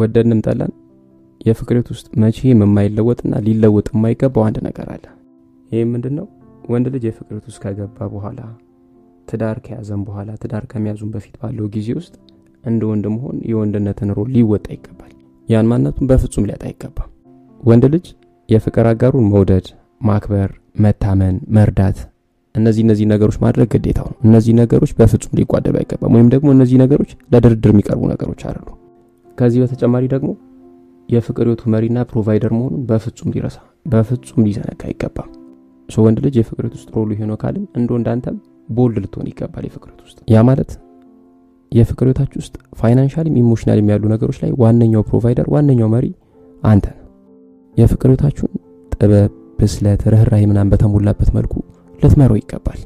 ወደንም ጠላን የፍቅር ሕይወት ውስጥ መቼም የማይለወጥና ሊለወጥ የማይገባው አንድ ነገር አለ። ይህም ምንድን ነው? ወንድ ልጅ የፍቅር ውስጥ ከገባ በኋላ ትዳር ከያዘም በኋላ ትዳር ከሚያዙም በፊት ባለው ጊዜ ውስጥ እንደ ወንድ መሆን የወንድነትን ሮል ሊወጣ ይገባል። ያን ማንነቱን በፍጹም ሊያጣ አይገባም። ወንድ ልጅ የፍቅር አጋሩን መውደድ፣ ማክበር፣ መታመን፣ መርዳት እነዚህ እነዚህ ነገሮች ማድረግ ግዴታው ነው። እነዚህ ነገሮች በፍጹም ሊጓደሉ አይገባም፣ ወይም ደግሞ እነዚህ ነገሮች ለድርድር የሚቀርቡ ነገሮች አይደሉ። ከዚህ በተጨማሪ ደግሞ የፍቅር ህይወቱ መሪና ፕሮቫይደር መሆኑን በፍጹም ሊረሳ በፍጹም ሊዘነጋ አይገባም። ሶ ወንድ ልጅ የፍቅር ህይወት ውስጥ ሮሉ ሆኖ ካልን እንደ እንዳንተም ቦልድ ልትሆን ይገባል። የፍቅር ህይወት ውስጥ ያ ማለት የፍቅር ህይወታችሁ ውስጥ ፋይናንሻልም ኢሞሽናልም ያሉ ነገሮች ላይ ዋነኛው ፕሮቫይደር ዋነኛው መሪ አንተ ነው። የፍቅር ህይወታችሁን ጥበብ፣ ብስለት፣ ርኅራሄ ምናምን በተሞላበት መልኩ ልትመረው ይገባል።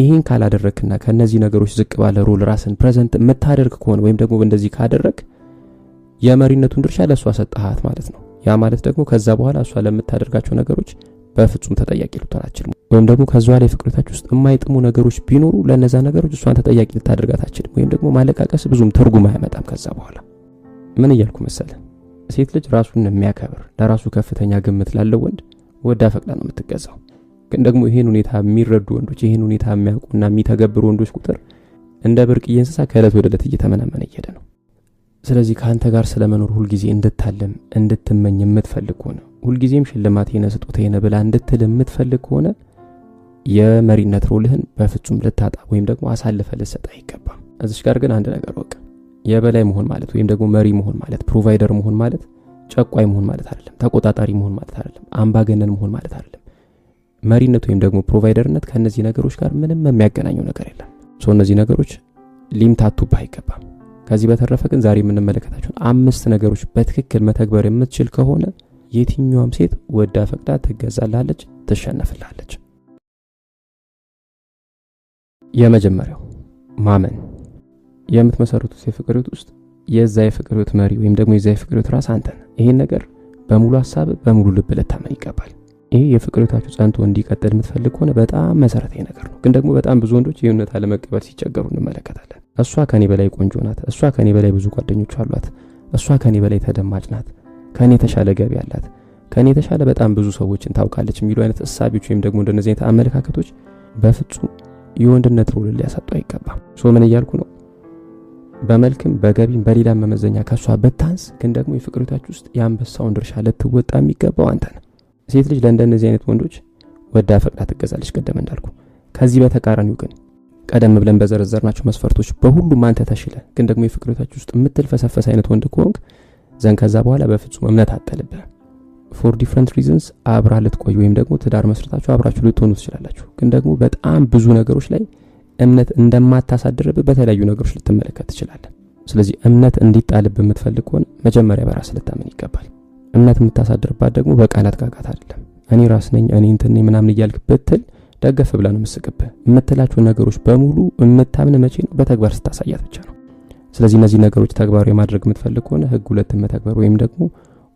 ይህን ካላደረክና ከእነዚህ ነገሮች ዝቅ ባለ ሮል ራስን ፕሬዘንት የምታደርግ ከሆነ ወይም ደግሞ እንደዚህ ካደረግ የመሪነቱን ድርሻ ለእሷ ሰጠሃት ማለት ነው። ያ ማለት ደግሞ ከዛ በኋላ እሷ ለምታደርጋቸው ነገሮች በፍጹም ተጠያቂ ልትሆን አትችልም። ወይም ደግሞ ከዛ ላይ ፍቅረታችሁ ውስጥ የማይጥሙ ነገሮች ቢኖሩ ለነዛ ነገሮች እሷን ተጠያቂ ልታደርጋት አትችልም። ወይም ደግሞ ማለቃቀስ ብዙም ትርጉም አያመጣም። ከዛ በኋላ ምን እያልኩ መሰለ፣ ሴት ልጅ ራሱን የሚያከብር ለራሱ ከፍተኛ ግምት ላለው ወንድ ወዳ ፈቅዳ ነው የምትገዛው። ግን ደግሞ ይህን ሁኔታ የሚረዱ ወንዶች፣ ይህን ሁኔታ የሚያውቁና የሚተገብሩ ወንዶች ቁጥር እንደ ብርቅዬ እንስሳ ከዕለት ወደ እለት እየተመናመነ እየሄደ ነው። ስለዚህ ከአንተ ጋር ስለመኖር ሁልጊዜ እንድታለም እንድትመኝ የምትፈልግ ከሆነ ሁልጊዜም ሽልማት የነ ስጦታ የነ ብላ እንድትል የምትፈልግ ከሆነ የመሪነት ሮልህን በፍጹም ልታጣ ወይም ደግሞ አሳልፈ ልሰጥ አይገባም። እዚች ጋር ግን አንድ ነገር ወቅ የበላይ መሆን ማለት ወይም ደግሞ መሪ መሆን ማለት ፕሮቫይደር መሆን ማለት ጨቋይ መሆን ማለት አይደለም። ተቆጣጣሪ መሆን ማለት አይደለም። አምባገነን መሆን ማለት አይደለም። መሪነት ወይም ደግሞ ፕሮቫይደርነት ከእነዚህ ነገሮች ጋር ምንም የሚያገናኘው ነገር የለም። እነዚህ ነገሮች ሊምታቱብህ አይገባም። ከዚህ በተረፈ ግን ዛሬ የምንመለከታቸውን አምስት ነገሮች በትክክል መተግበር የምትችል ከሆነ የትኛዋም ሴት ወዳ ፈቅዳ ትገዛላለች፣ ትሸነፍላለች። የመጀመሪያው ማመን። የምትመሰርቱት የፍቅር ውስጥ የዛ የፍቅር መሪ ወይም ደግሞ የዛ ፍቅሪት ራስ አንተ ነህ። ይሄን ነገር በሙሉ ሀሳብ በሙሉ ልብ ልታመን ይገባል። ይህ የፍቅርታችሁ ጸንቶ እንዲቀጥል የምትፈልግ ከሆነ በጣም መሰረታዊ ነገር ነው። ግን ደግሞ በጣም ብዙ ወንዶች ይህን እውነታ ለመቀበል ሲቸገሩ እንመለከታለን። እሷ ከኔ በላይ ቆንጆ ናት፣ እሷ ከኔ በላይ ብዙ ጓደኞች አሏት፣ እሷ ከኔ በላይ ተደማጭ ናት፣ ከኔ የተሻለ ገቢ አላት፣ ከኔ የተሻለ በጣም ብዙ ሰዎችን ታውቃለች የሚሉ አይነት እሳቢዎች ወይም ደግሞ እንደነዚህ አይነት አመለካከቶች በፍጹም የወንድነት ሮል ሊያሳጡ አይገባም። ሶ ምን እያልኩ ነው? በመልክም በገቢም በሌላ መመዘኛ ከሷ በታንስ ግን ደግሞ የፍቅርታችሁ ውስጥ የአንበሳውን ድርሻ ልትወጣ የሚገባው አንተ ነው። ሴት ልጅ ለእንደነዚህ አይነት ወንዶች ወዳ ፈቅዳ ትገዛለች፣ ቀደም እንዳልኩ። ከዚህ በተቃራኒው ግን ቀደም ብለን በዘረዘርናቸው መስፈርቶች በሁሉም አንተ ተሽለ ግን ደግሞ የፍቅር ህይወታችሁ ውስጥ የምትልፈሰፈስ አይነት ወንድ ከሆንክ ዘን ከዛ በኋላ በፍጹም እምነት አጠልብህ ፎር ዲፍረንት ሪዝንስ አብራ ልትቆይ ወይም ደግሞ ትዳር መስረታችሁ አብራችሁ ልትሆኑ ትችላላችሁ። ግን ደግሞ በጣም ብዙ ነገሮች ላይ እምነት እንደማታሳድርብህ በተለያዩ ነገሮች ልትመለከት ትችላለህ። ስለዚህ እምነት እንዲጣልብህ የምትፈልግ ከሆነ መጀመሪያ በራስ ልታምን ይገባል። እምነት የምታሳድርባት ደግሞ በቃላት ቃቃት አይደለም። እኔ ራስ ነኝ እኔ እንትን ነኝ ምናምን እያልክ ብትል ደገፍ ብላ ነው የምስቅብህ። የምትላቸው ነገሮች በሙሉ የምታምን መቼ ነው? በተግባር ስታሳያት ብቻ ነው። ስለዚህ እነዚህ ነገሮች ተግባራዊ ማድረግ የምትፈልግ ከሆነ ህግ ሁለትን መተግበር ወይም ደግሞ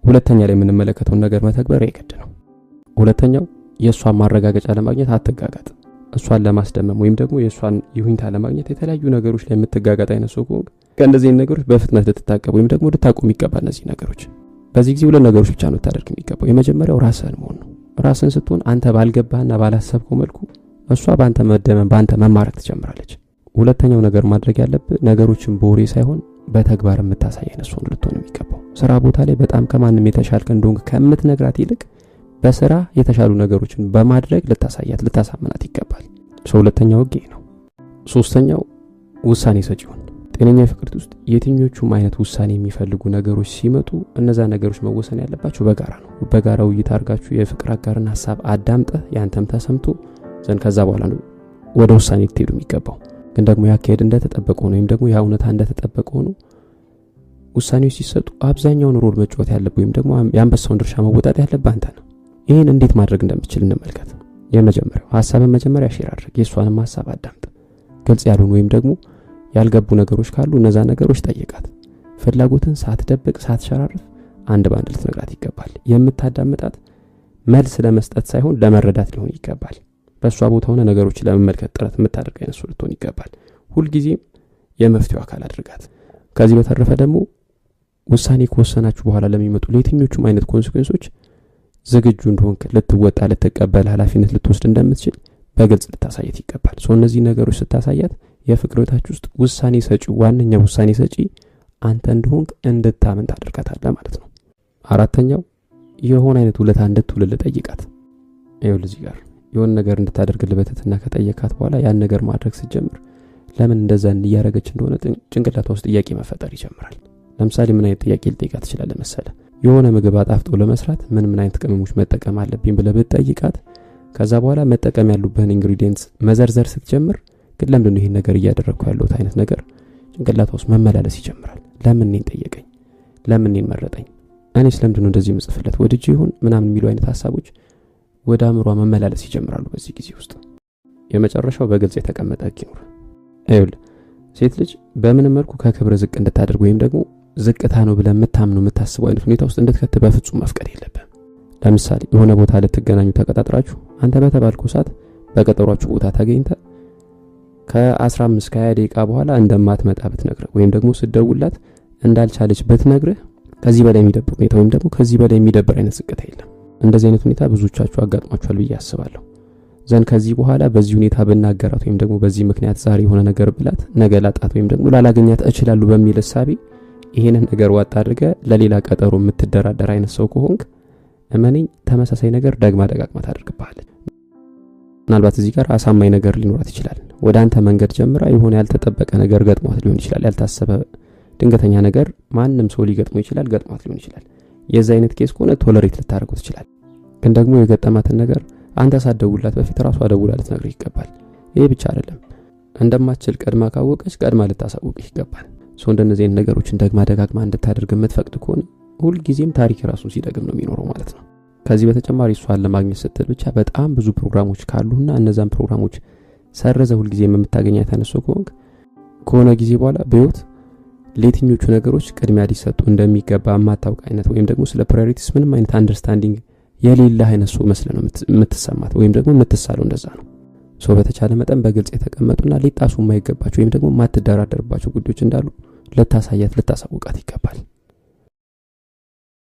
ሁለተኛ ላይ የምንመለከተውን ነገር መተግበር የግድ ነው። ሁለተኛው የእሷን ማረጋገጫ ለማግኘት አትጋጋጥ። እሷን ለማስደመም ወይም ደግሞ የእሷን ይሁኝታ ለማግኘት የተለያዩ ነገሮች ላይ የምትጋጋጥ አይነት ሰው ከሆንክ ከእንደዚህ ነገሮች በፍጥነት ልትታቀብ ወይም ደግሞ ልታቆም ይገባል እነዚህ ነገሮች በዚህ ጊዜ ሁለት ነገሮች ብቻ ነው ልታደርግ የሚገባው። የመጀመሪያው ራስህን መሆን ነው። ራስህን ስትሆን አንተ ባልገባህና ባላሰብከው መልኩ እሷ በአንተ መደመን በአንተ መማረክ ትጀምራለች። ሁለተኛው ነገር ማድረግ ያለብህ ነገሮችን በወሬ ሳይሆን በተግባር የምታሳየ እሷን ልትሆን የሚገባው ስራ ቦታ ላይ በጣም ከማንም የተሻልክ እንደሆንክ ከምትነግራት ይልቅ በስራ የተሻሉ ነገሮችን በማድረግ ልታሳያት ልታሳምናት ይገባል። ሰው ሁለተኛው ህግ ነው። ሶስተኛው ውሳኔ ሰጪ ጤነኛ ፍቅርት ውስጥ የትኞቹም አይነት ውሳኔ የሚፈልጉ ነገሮች ሲመጡ እነዛ ነገሮች መወሰን ያለባቸው በጋራ ነው። በጋራ ውይይት አድርጋችሁ የፍቅር አጋርን ሀሳብ አዳምጠ ያንተም ተሰምቶ ዘንድ ከዛ በኋላ ነው ወደ ውሳኔ ልትሄዱ የሚገባው። ግን ደግሞ ያካሄድ እንደተጠበቀ ሆኖ ወይም ደግሞ ያ እውነታ እንደተጠበቀ ሆኖ ውሳኔዎች ሲሰጡ አብዛኛውን ሮል መጫወት ያለብ ወይም ደግሞ የአንበሳውን ድርሻ መወጣት ያለብ አንተ ነው። ይህን እንዴት ማድረግ እንደምችል እንመልከት። የመጀመሪያው ሀሳብን መጀመሪያ ሼር አድርግ። የእሷንም ሀሳብ አዳምጥ። ግልጽ ያሉን ወይም ደግሞ ያልገቡ ነገሮች ካሉ እነዛ ነገሮች ጠይቃት። ፍላጎትን ሳትደብቅ ሳትሸራርፍ አንድ በአንድ ልትነግራት ይገባል። የምታዳምጣት መልስ ለመስጠት ሳይሆን ለመረዳት ሊሆን ይገባል። በእሷ ቦታ ሆነ ነገሮችን ለመመልከት ጥረት የምታደርግ አይነት ሰው ልትሆን ይገባል። ሁልጊዜም የመፍትሄው አካል አድርጋት። ከዚህ በተረፈ ደግሞ ውሳኔ ከወሰናችሁ በኋላ ለሚመጡ ለየትኞቹም አይነት ኮንስኩንሶች ዝግጁ እንደሆን ልትወጣ፣ ልትቀበል ኃላፊነት ልትወስድ እንደምትችል በግልጽ ልታሳየት ይገባል። ሰው እነዚህ ነገሮች ስታሳያት የፍቅር ውስጥ ውሳኔ ሰጪ ዋነኛ ውሳኔ ሰጪ አንተ እንደሆንክ እንድታምን ታደርጋታለ ማለት ነው። አራተኛው የሆነ አይነት ውለታ እንድትውልልህ ጠይቃት። ይኸውልህ እዚህ ጋር የሆነ ነገር እንድታደርግልህ በትህትና ከጠየካት በኋላ ያን ነገር ማድረግ ስትጀምር ለምን እንደዛ እያደረገች እንደሆነ ጭንቅላቷ ውስጥ ጥያቄ መፈጠር ይጀምራል። ለምሳሌ ምን አይነት ጥያቄ ልጠይቃት ትችላለህ መሰለህ? የሆነ ምግብ አጣፍጦ ለመስራት ምን ምን አይነት ቅመሞች መጠቀም አለብኝ ብለህ ብትጠይቃት ከዛ በኋላ መጠቀም ያሉብህን ኢንግሪዲየንትስ መዘርዘር ስትጀምር ግን ለምንድነው ይህን ነገር እያደረግኩ ያለሁት አይነት ነገር ጭንቅላቷ ውስጥ መመላለስ ይጀምራል። ለምን እኔን ጠየቀኝ? ለምን እኔን መረጠኝ? እኔ ለምንድነው እንደዚህ ምጽፍለት ወድጅ ይሁን ምናምን የሚሉ አይነት ሀሳቦች ወደ አእምሯ መመላለስ ይጀምራሉ። በዚህ ጊዜ ውስጥ የመጨረሻው በግልጽ የተቀመጠ ህግ ይኖር። ሴት ልጅ በምንም መልኩ ከክብር ዝቅ እንድታደርግ ወይም ደግሞ ዝቅታ ነው ብለ የምታምኑ የምታስበው አይነት ሁኔታ ውስጥ እንድትከት በፍጹም መፍቀድ የለብህም። ለምሳሌ የሆነ ቦታ ልትገናኙ ተቀጣጥራችሁ አንተ በተባልኩ ሰዓት በቀጠሯችሁ ቦታ ተገኝተ ከ15 ከ20 ደቂቃ በኋላ እንደማትመጣ ብትነግርህ ወይም ደግሞ ስደውላት እንዳልቻለች ብትነግርህ ከዚህ በላይ የሚደብር ሁኔታ ወይም ደግሞ ከዚህ በላይ የሚደብር አይነት ዝቅታ የለም። እንደዚህ አይነት ሁኔታ ብዙዎቻችሁ አጋጥሟችኋል ብዬ አስባለሁ። ዘንድ ከዚህ በኋላ በዚህ ሁኔታ ብናገራት ወይም ደግሞ በዚህ ምክንያት ዛሬ የሆነ ነገር ብላት ነገ ላጣት ወይም ደግሞ ላላገኛት እችላሉ በሚል እሳቤ ይህንን ነገር ዋጥ አድርገ ለሌላ ቀጠሮ የምትደራደር አይነት ሰው ከሆንክ እመነኝ ተመሳሳይ ነገር ደግማ ደጋግማ ታደርግብሃለች። ምናልባት እዚህ ጋር አሳማኝ ነገር ሊኖራት ይችላል። ወደ አንተ መንገድ ጀምራ የሆነ ያልተጠበቀ ነገር ገጥሟት ሊሆን ይችላል። ያልታሰበ ድንገተኛ ነገር ማንም ሰው ሊገጥሞ ይችላል፣ ገጥሟት ሊሆን ይችላል። የዚህ አይነት ኬስ ከሆነ ቶለሬት ልታደርገው ትችላል። ግን ደግሞ የገጠማትን ነገር አንተ ሳደውላት በፊት ራሷ ደውላ ልትነግርህ ይገባል። ይሄ ብቻ አይደለም፣ እንደማትችል ቀድማ ካወቀች ቀድማ ልታሳውቅህ ይገባል። ሰው እንደነዚህ አይነት ነገሮችን ደግማ ደጋግማ እንድታደርግ የምትፈቅድ ከሆነ ሁልጊዜም ታሪክ ራሱን ሲደግም ነው የሚኖረው ማለት ነው። ከዚህ በተጨማሪ እሷን ለማግኘት ስትል ብቻ በጣም ብዙ ፕሮግራሞች ካሉና እነዛን ፕሮግራሞች ሰረዘ ሁልጊዜም የምታገኛ ተነሶ ከሆንክ ከሆነ ጊዜ በኋላ በህይወት ለየትኞቹ ነገሮች ቅድሚያ ሊሰጡ እንደሚገባ የማታውቅ አይነት ወይም ደግሞ ስለ ፕራዮሪቲስ ምንም አይነት አንደርስታንዲንግ የሌለ አይነት ሰው መስለ ነው የምትሰማት ወይም ደግሞ የምትሳለው እንደዛ ነው። ሰው በተቻለ መጠን በግልጽ የተቀመጡና ሊጣሱ የማይገባቸው ወይም ደግሞ የማትደራደርባቸው ጉዳዮች እንዳሉ ልታሳያት ልታሳውቃት ይገባል።